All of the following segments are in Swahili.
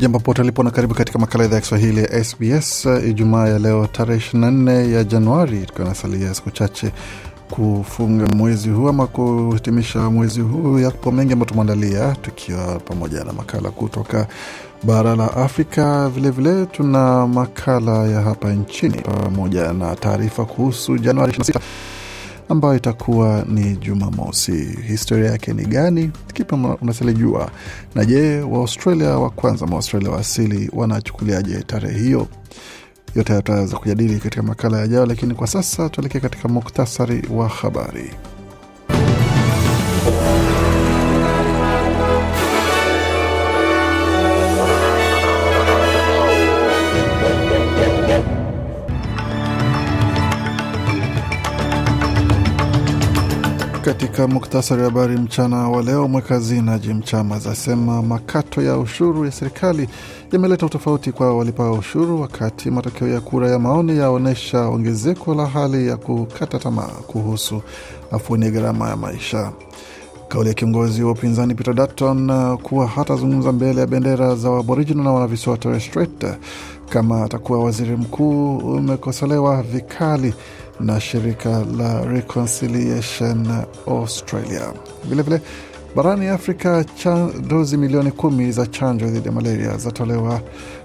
Jambo pote lipo na karibu katika makala idhaa ya Kiswahili ya SBS eh, Ijumaa ya leo tarehe 24 ya Januari, tukiwa nasalia siku chache kufunga mwezi huu ama kuhitimisha mwezi huu. Yapo mengi ambayo tumeandalia, tukiwa pamoja na makala kutoka bara la Afrika. Vilevile vile, tuna makala ya hapa nchini pamoja na taarifa kuhusu Januari 26 ambayo itakuwa ni Jumamosi. Historia yake ni gani? Kipi jua? Na je, Waaustralia wa kwanza, Maaustralia wa asili wanachukuliaje tarehe hiyo? Yote tutaweza kujadili katika makala yajayo, lakini kwa sasa tuelekee katika muktasari wa habari. Katika muktasari wa habari mchana wa leo, mwekazi na Jim Chalmers asema makato ya ushuru ya serikali yameleta utofauti kwa walipa ushuru, wakati matokeo ya kura ya maoni yaonyesha ongezeko la hali ya kukata tamaa kuhusu afueni ya gharama ya maisha. Kauli ya kiongozi wa upinzani Peter Dutton kuwa hatazungumza mbele ya bendera za Aboriginal na wanavisiwa Torres Strait kama atakuwa waziri mkuu umekosolewa vikali na shirika la Reconciliation Australia. Vilevile barani Afrika, dozi milioni kumi za chanjo dhidi ya malaria zatolewa,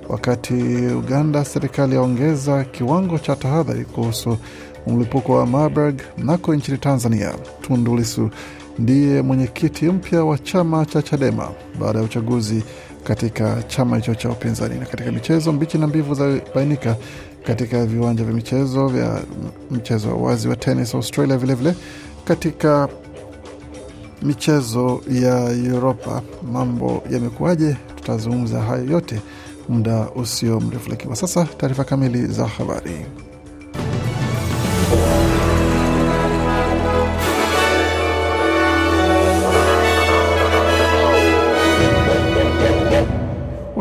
wakati Uganda serikali yaongeza kiwango cha tahadhari kuhusu mlipuko wa Marburg nako nchini Tanzania. Tundu Lissu ndiye mwenyekiti mpya wa chama cha Chadema baada ya uchaguzi katika chama hicho cha upinzani. Na katika michezo, mbichi na mbivu bainika katika viwanja vya michezo vya mchezo wa wazi wa tenis Australia, vilevile vile, katika michezo ya Uropa. Mambo yamekuwaje? Tutazungumza hayo yote muda usio mrefu, lakini kwa sasa taarifa kamili za habari.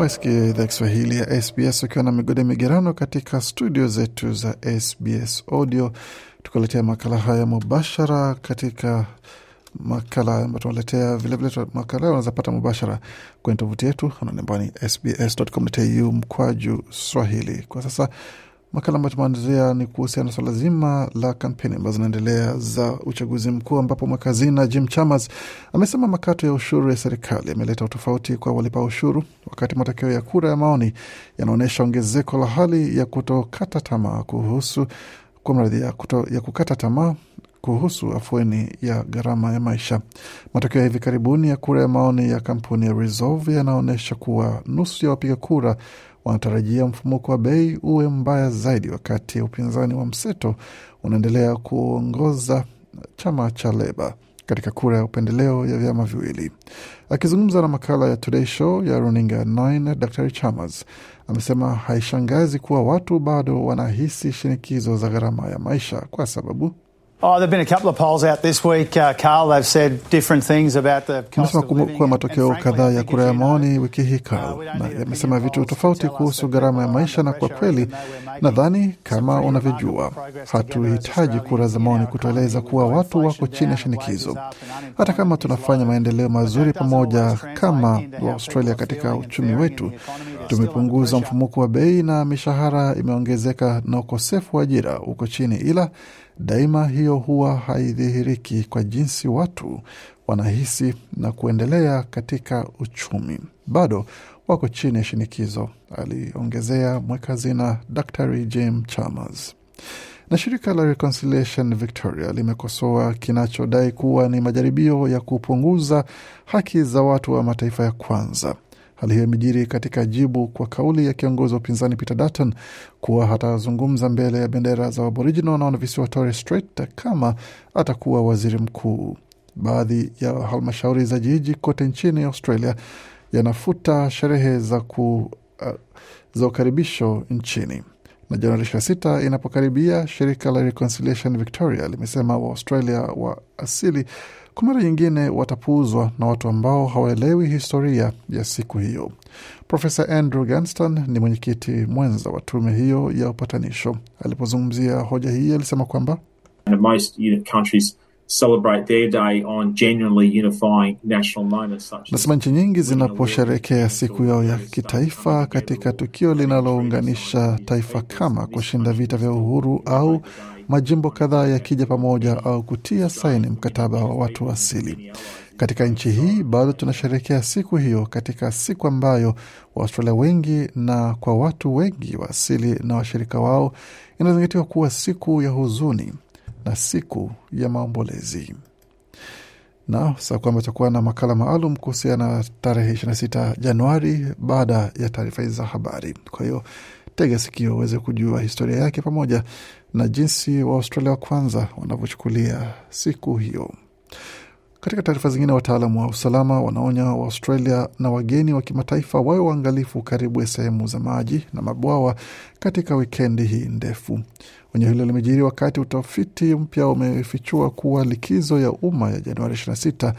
Wasikia idhaa Kiswahili ya SBS ukiwa na migode migerano katika studio zetu za SBS Audio, tukuletea makala haya mubashara katika makala ambayo tunaletea vilevile. Makala unaweza pata mubashara kwenye tovuti yetu ananembani sbs.com.au mkwaju swahili. Kwa sasa Makala ambayo tumeandazia ni kuhusiana na swala zima la kampeni ambazo zinaendelea za uchaguzi mkuu, ambapo mwakazina Jim Chalmers amesema makato ya ushuru ya serikali yameleta utofauti kwa walipa ushuru, wakati matokeo ya kura ya maoni yanaonyesha ongezeko la hali ya kutokata tamaa kuhusu kwa mradhi ya, ya kukata tamaa kuhusu afueni ya gharama ya maisha. Matokeo ya hivi karibuni ya kura ya maoni ya kampuni ya Resolve yanaonyesha kuwa nusu ya wapiga kura wanatarajia mfumuko wa bei uwe mbaya zaidi, wakati upinzani wa mseto unaendelea kuongoza chama cha Leba katika kura ya upendeleo ya vyama viwili. Akizungumza na makala ya Today Show ya runinga 9 Dr Chalmers amesema haishangazi kuwa watu bado wanahisi shinikizo za gharama ya maisha kwa sababu Oh, been a couple of polls out this week, uh, Carl, they've said different things about the cost of living. matokeo kadhaa ya kura ya maoni wiki hii Carl, uh, na yamesema vitu tofauti kuhusu gharama ya maisha, na kwa kweli nadhani kama unavyojua, hatuhitaji kura za maoni kutueleza kuwa watu wako chini ya shinikizo. Hata kama tunafanya maendeleo mazuri pamoja kama wa Australia katika uchumi wetu, tumepunguza mfumuko wa bei na mishahara imeongezeka na ukosefu wa ajira uko chini, ila daima hiyo hiyo huwa haidhihiriki kwa jinsi watu wanahisi na kuendelea katika uchumi. Bado wako chini ya shinikizo, aliongezea mwekazina Dr James Chalmers. Na shirika la Reconciliation Victoria limekosoa kinachodai kuwa ni majaribio ya kupunguza haki za watu wa mataifa ya kwanza Hali hiyo imejiri katika jibu kwa kauli ya kiongozi wa upinzani Peter Dutton kuwa hatazungumza mbele ya bendera za Aboriginal na wanavisiwa Torres Strait kama atakuwa waziri mkuu. Baadhi ya halmashauri za jiji kote nchini Australia yanafuta sherehe za, ku, uh, za ukaribisho nchini na Januari 26 inapokaribia, shirika la Reconciliation Victoria limesema Waaustralia wa asili kwa mara nyingine watapuuzwa na watu ambao hawaelewi historia ya siku hiyo. Profesa Andrew Ganston ni mwenyekiti mwenza wa tume hiyo ya upatanisho. Alipozungumzia hoja hii, alisema kwamba celebrate their day on genuinely unifying national moments Nasema nchi nyingi zinaposherekea siku yao ya kitaifa katika tukio linalounganisha taifa kama kushinda vita vya uhuru au majimbo kadhaa yakija pamoja au kutia saini mkataba wa watu asili. Katika nchi hii bado tunasherekea siku hiyo katika siku ambayo Waaustralia wengi na kwa watu wengi wa asili na washirika wao inazingatiwa kuwa siku ya huzuni na siku ya maombolezi na sa kwamba itakuwa na makala maalum kuhusiana na tarehe 26 Januari baada ya taarifa hizi za habari. Kwa hiyo tega sikio uweze kujua historia yake pamoja na jinsi wa Australia wa kwanza wanavyochukulia siku hiyo. Katika taarifa zingine, wataalamu wa usalama wanaonya Waaustralia na wageni wa kimataifa wawe waangalifu karibu ya sehemu za maji na mabwawa katika wikendi hii ndefu. Onyo hilo limejiri wakati utafiti mpya umefichua kuwa likizo ya umma ya Januari 26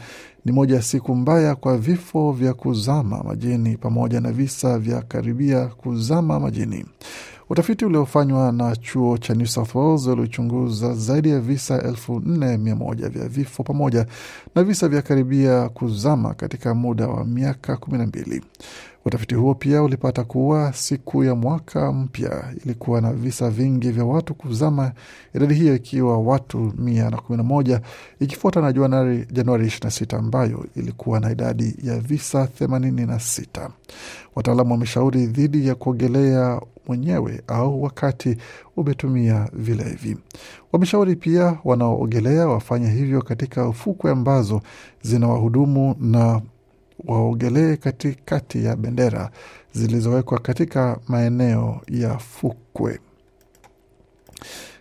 ni moja ya siku mbaya kwa vifo vya kuzama majini pamoja na visa vya karibia kuzama majini. Utafiti uliofanywa na chuo cha New South Wales zaidi ya visa elfu nne mia moja vya vifo pamoja na visa vya karibia kuzama katika muda wa miaka kumi na mbili. Utafiti huo pia ulipata kuwa siku ya mwaka mpya ilikuwa na visa vingi vya watu kuzama, idadi hiyo ikiwa watu mia na kumi na moja ikifuata na Januari 26 ambayo ilikuwa na idadi ya visa 86. Wataalamu wameshauri dhidi ya kuogelea mwenyewe au wakati umetumia vilevi. Wameshauri pia wanaoogelea wafanye hivyo katika fukwe ambazo zina wahudumu na waogelee katikati ya bendera zilizowekwa katika maeneo ya fukwe.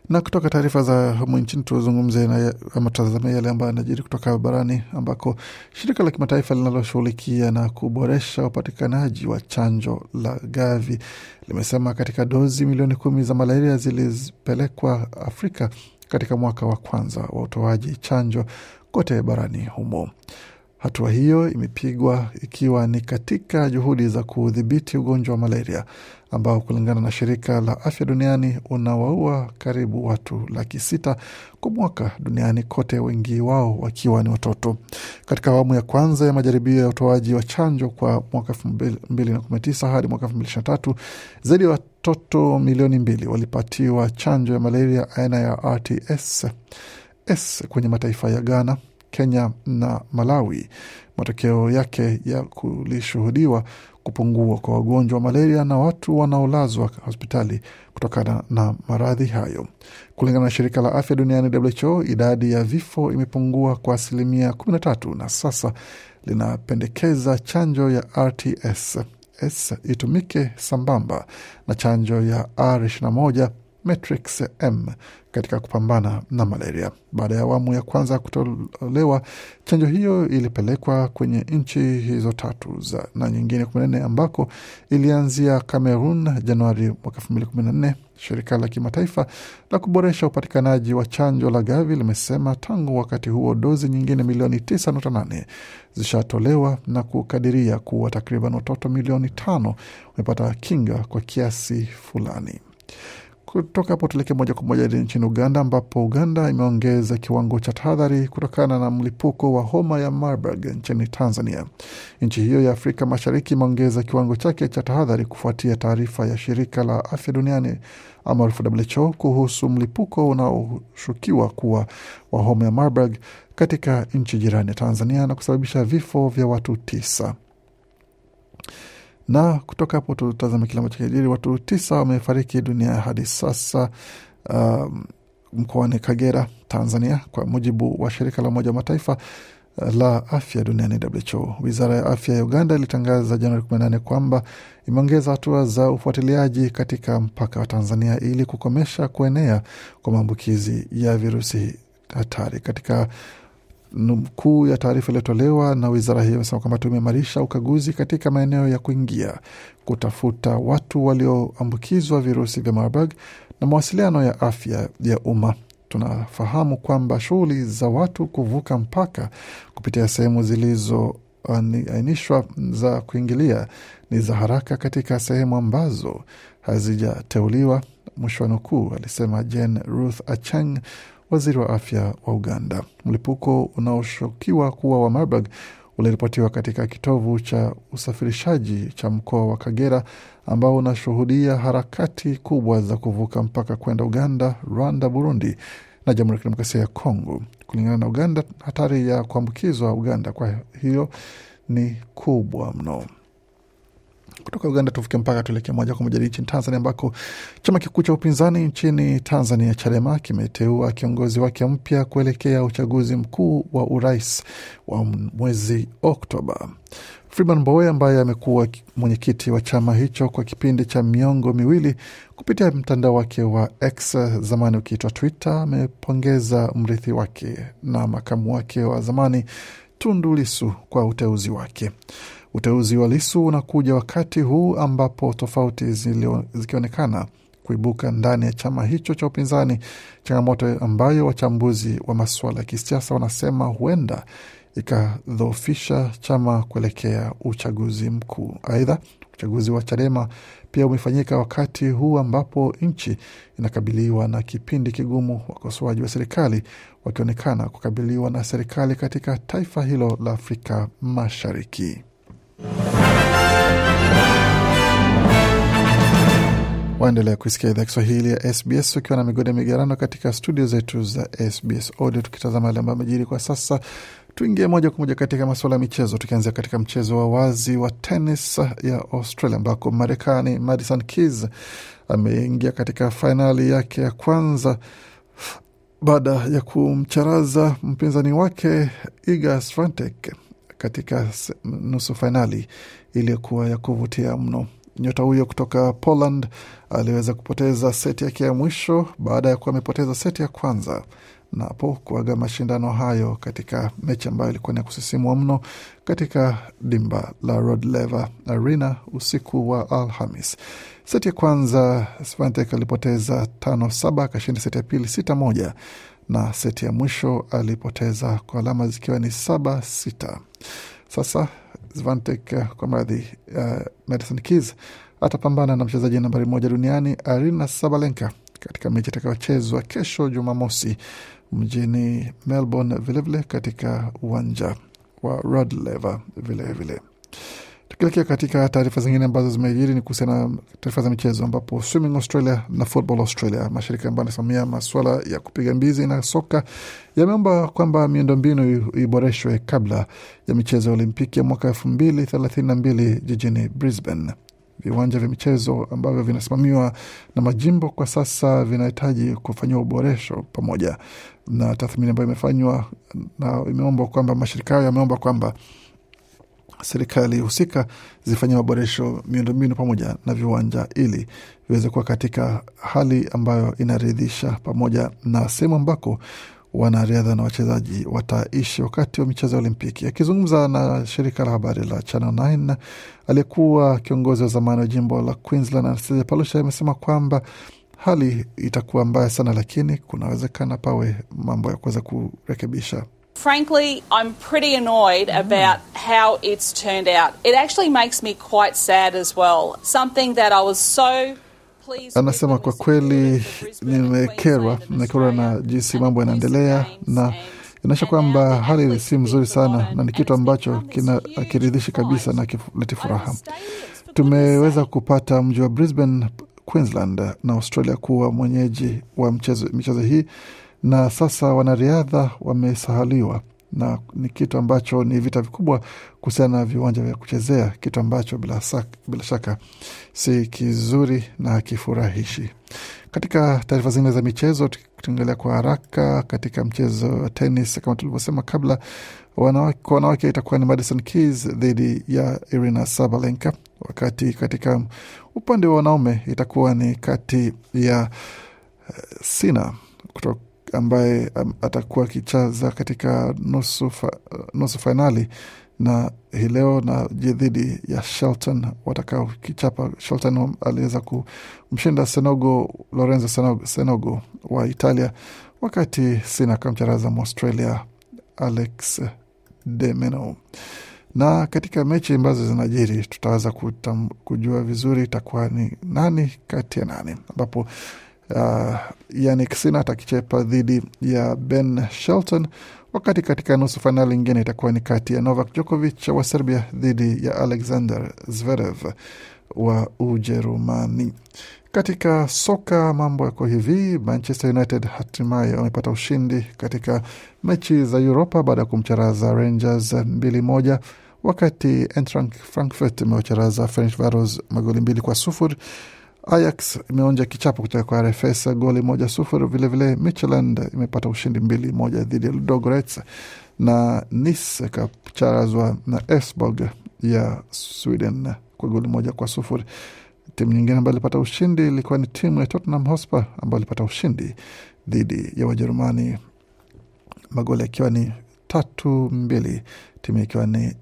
Na kutoka taarifa za humu nchini tuzungumze na ama yale ambayo yanajiri kutoka barani ambako shirika la kimataifa linaloshughulikia na kuboresha upatikanaji wa chanjo la Gavi limesema katika dozi milioni kumi za malaria zilipelekwa Afrika katika mwaka wa kwanza wa utoaji chanjo kote barani humo. Hatua hiyo imepigwa ikiwa ni katika juhudi za kudhibiti ugonjwa wa malaria ambao kulingana na shirika la afya duniani unawaua karibu watu laki sita kwa mwaka duniani kote, wengi wao wakiwa ni watoto. Katika awamu ya kwanza ya majaribio ya utoaji wa chanjo kwa mwaka elfu mbili na kumi na tisa hadi mwaka elfu mbili ishirini na tatu zaidi ya watoto milioni mbili walipatiwa chanjo ya malaria aina ya RTS S kwenye mataifa ya Ghana, Kenya na Malawi, matokeo yake ya kulishuhudiwa kupungua kwa wagonjwa wa malaria na watu wanaolazwa hospitali kutokana na maradhi hayo. Kulingana na shirika la afya duniani WHO, idadi ya vifo imepungua kwa asilimia 13 na sasa linapendekeza chanjo ya RTS itumike sambamba na chanjo ya R21 Matrix M katika kupambana na malaria. Baada ya awamu ya kwanza kutolewa, chanjo hiyo ilipelekwa kwenye nchi hizo tatu za na nyingine 14 ambako ilianzia Cameroon Januari mwaka 2014. Shirika la kimataifa la kuboresha upatikanaji wa chanjo la Gavi limesema tangu wakati huo dozi nyingine milioni 9.8 zishatolewa na kukadiria kuwa takriban watoto milioni tano wamepata kinga kwa kiasi fulani. Kutoka hapo tuelekee moja kwa moja nchini Uganda, ambapo Uganda imeongeza kiwango cha tahadhari kutokana na mlipuko wa homa ya Marburg nchini Tanzania. Nchi hiyo ya Afrika Mashariki imeongeza kiwango chake cha tahadhari kufuatia taarifa ya shirika la afya duniani maarufu WHO kuhusu mlipuko unaoshukiwa kuwa wa homa ya Marburg katika nchi jirani ya Tanzania na kusababisha vifo vya watu tisa. Na kutoka hapo tutazame kile ambacho kijiri. Watu tisa wamefariki dunia hadi sasa um, mkoani Kagera, Tanzania, kwa mujibu wa shirika la Umoja wa Mataifa uh, la afya duniani WHO. Wizara ya afya ya Uganda ilitangaza Januari 18 kwamba imeongeza hatua za ufuatiliaji katika mpaka wa Tanzania ili kukomesha kuenea kwa maambukizi ya virusi hatari katika nukuu ya taarifa iliyotolewa na wizara hiyo imesema kwamba tumeimarisha ukaguzi katika maeneo ya kuingia, kutafuta watu walioambukizwa virusi vya Marburg na mawasiliano ya afya ya umma. Tunafahamu kwamba shughuli za watu kuvuka mpaka kupitia sehemu zilizoainishwa za kuingilia ni za haraka katika sehemu ambazo hazijateuliwa, mwisho wa nukuu, alisema Jen Ruth Acheng, waziri wa afya wa Uganda. Mlipuko unaoshukiwa kuwa wa Marburg uliripotiwa katika kitovu cha usafirishaji cha mkoa wa Kagera ambao unashuhudia harakati kubwa za kuvuka mpaka kwenda Uganda, Rwanda, Burundi na Jamhuri ya Kidemokrasia ya Kongo. Kulingana na Uganda, hatari ya kuambukizwa Uganda kwa hiyo ni kubwa mno. Kutoka Uganda tufike mpaka tuelekee moja kwa moja nchini Tanzania, ambako chama kikuu cha upinzani nchini Tanzania, CHADEMA, kimeteua kiongozi wake mpya kuelekea uchaguzi mkuu wa urais wa mwezi Oktoba. Freeman Mbowe ambaye amekuwa mwenyekiti wa chama hicho kwa kipindi cha miongo miwili kupitia mtandao wake wa X, zamani ukiitwa Twitter, amepongeza mrithi wake na makamu wake wa zamani Tundu Lissu kwa uteuzi wake. Uteuzi wa Lisu unakuja wakati huu ambapo tofauti zikionekana kuibuka ndani ya chama hicho cha upinzani, changamoto ambayo wachambuzi wa masuala ya kisiasa wanasema huenda ikadhoofisha chama kuelekea uchaguzi mkuu. Aidha, uchaguzi wa Chadema pia umefanyika wakati huu ambapo nchi inakabiliwa na kipindi kigumu, wakosoaji wa serikali wakionekana kukabiliwa na serikali katika taifa hilo la Afrika Mashariki. Waendelea kuisikia idhaa Kiswahili ya SBS ukiwa na migode migerano katika studio zetu za SBS Audio, tukitazama yale ambayo amejiri kwa sasa. Tuingie moja kwa moja katika masuala ya michezo, tukianzia katika mchezo wa wazi wa tenis ya Australia ambako Marekani Madison Keys ameingia katika fainali yake ya kwanza baada ya kumcharaza mpinzani wake Iga Swiatek katika nusu fainali iliyokuwa ya kuvutia mno. Nyota huyo kutoka Poland aliweza kupoteza seti yake ya mwisho baada ya kuwa amepoteza seti ya kwanza napo kuaga mashindano hayo katika mechi ambayo ilikuwa ni ya kusisimua mno katika dimba la Rod Laver Arena usiku wa Alhamis. Seti ya kwanza Svantek alipoteza tano saba, akashinda seti ya pili sita moja na seti ya mwisho alipoteza kwa alama zikiwa ni saba sita. Sasa Zvantek eh, kwa mradhi uh, eh, Madison Keys atapambana na mchezaji nambari moja duniani Arina Sabalenka katika mechi itakayochezwa kesho Jumamosi mjini Melbourne, vilevile katika uwanja wa Rod Laver vilevile. Tukielekea katika taarifa zingine ambazo zimejiri ni kuhusiana na taarifa za michezo, ambapo Swimming Australia na Football Australia, mashirika ambayo anasimamia masuala ya kupiga mbizi na soka, yameomba kwamba miundombinu iboreshwe kabla ya michezo ya Olimpiki ya mwaka elfu mbili thelathini na mbili jijini Brisbane. Viwanja vya michezo ambavyo vinasimamiwa na majimbo kwa sasa vinahitaji kufanyiwa uboresho pamoja na tathmini ambayo imefanywa, na imeomba kwamba mashirika hayo yameomba kwamba serikali husika zifanye maboresho miundombinu pamoja na viwanja ili viweze kuwa katika hali ambayo inaridhisha, pamoja na sehemu ambako wanariadha na wachezaji wataishi wakati wa michezo ya Olimpiki. Akizungumza na shirika la habari la Channel 9, aliyekuwa kiongozi wa zamani wa jimbo la Queensland Anastasia Palusha amesema kwamba hali itakuwa mbaya sana, lakini kunawezekana pawe mambo ya kuweza kurekebisha. Frankly, I'm pretty annoyed mm. about how it's turned out. It actually makes me quite sad as well. Something that I was so Anasema kwa kweli nimekerwa, nimekerwa na jinsi mambo yanaendelea, na inaonyesha kwamba hali si mzuri sana, na ni kitu ambacho kinakiridhishi kabisa na kileti furaha. Tumeweza kupata mji wa Brisbane, Queensland na Australia kuwa mwenyeji wa michezo hii na sasa wanariadha wamesahaliwa na ni kitu ambacho ni vita vikubwa kuhusiana na viwanja vya kuchezea, kitu ambacho bila, sak, bila shaka si kizuri na kifurahishi. Katika taarifa zingine za michezo, tukiangalia kwa haraka katika mchezo wa tenis, kama tulivyosema kabla, kwa wanawake itakuwa ni Madison Keys dhidi ya Irina Sabalenka, wakati katika upande wa wanaume itakuwa ni kati ya uh, Sina kutoka ambaye um, atakuwa akichaza katika nusu, fa, nusu fainali na hii leo na dhidi ya Shelton watakao kichapa. Shelton aliweza kumshinda Senogo, Lorenzo Senogo, Senogo wa Italia, wakati sina kamcharaza Mwaustralia Alex de meno Na katika mechi ambazo zinajiri tutaweza kujua vizuri itakuwa ni nani kati ya nani ambapo uh, yani Sinat akichepa dhidi ya Ben Shelton, wakati katika nusu fainali ingine itakuwa ni kati ya Novak Djokovic wa Serbia dhidi ya Alexander Zverev wa Ujerumani. Katika soka mambo yako hivi. Manchester United hatimaye wamepata ushindi katika mechi za Uropa baada ya kumcharaza Rangers mbili moja, wakati Eintracht Frankfurt imewacharaza Ferencvaros magoli mbili kwa sufuri Ajax imeonja kichapo kutoka kwa RFS goli moja sufuri. Vilevile michland imepata ushindi mbili moja dhidi ya Ludogorets na Nice ikacharazwa na Esborg ya Sweden kwa goli moja kwa sufuri. Timu nyingine ambayo ilipata ushindi ilikuwa ni timu ya Tottenham Hotspur ambayo ilipata ushindi dhidi ya Wajerumani, magoli yakiwa ni tatu mbili, timu ikiwa ni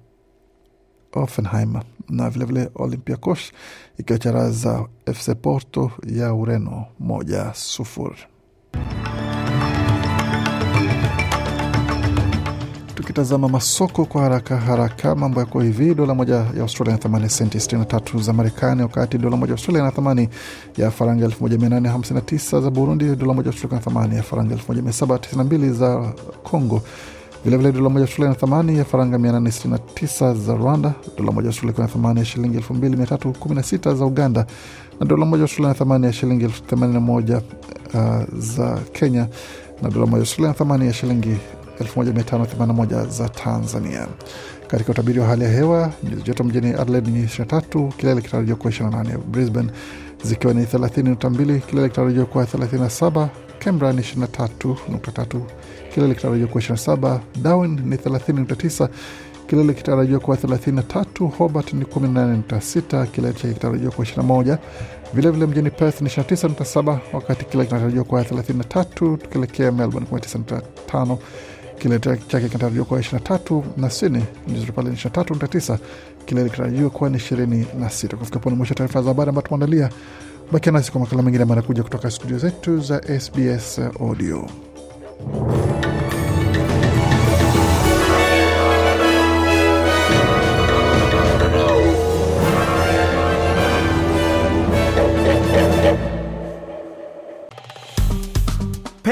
Offenheimer na vilevile Olympiacos ikiwacharaza FC Porto ya Ureno moja sufuri. Tukitazama masoko kwa haraka haraka, mambo yako hivi: dola moja ya Australia na thamani senti 63 za Marekani, wakati dola moja ya Australia na thamani ya faranga 1859 za Burundi, dola moja ya Australia na thamani ya faranga 1792 za Congo, Vilevile dola moja shule na thamani ya faranga 869 za Rwanda, dola moja shule ikiwa na thamani ya shilingi 2316 za Uganda na dola moja shule na thamani ya shilingi 81 uh, za Kenya na dola moja shule na thamani ya shilingi 1581 za Tanzania. Katika utabiri wa hali ya hewa, nyuzi joto mjini Adelaide ni 23, kilele kitarajiwa kuwa 28, Brisbane zikiwa ni 30.2, kilele kitarajiwa kuwa 37, Canberra ni 23.3 kilele kitarajiwa kuwa 27, Darwin ni 39, kilele kitarajiwa kuwa 33, Hobart ni 18.6, kilele chake kitarajiwa kuwa 21, vilevile mjini Perth ni 29.7, wakati kilele kinatarajiwa kuwa 33, tukielekea Melbourne 19.5 kilele chake kinatarajiwa kuwa 23 na Sydney mjini pale ni 23.9, kilele kinatarajiwa kuwa ni 26. Kufika pone mwisho taarifa za habari ambayo tumeandalia. Bakia nasi kwa makala mengine mara kuja kutoka studio zetu za SBS Audio.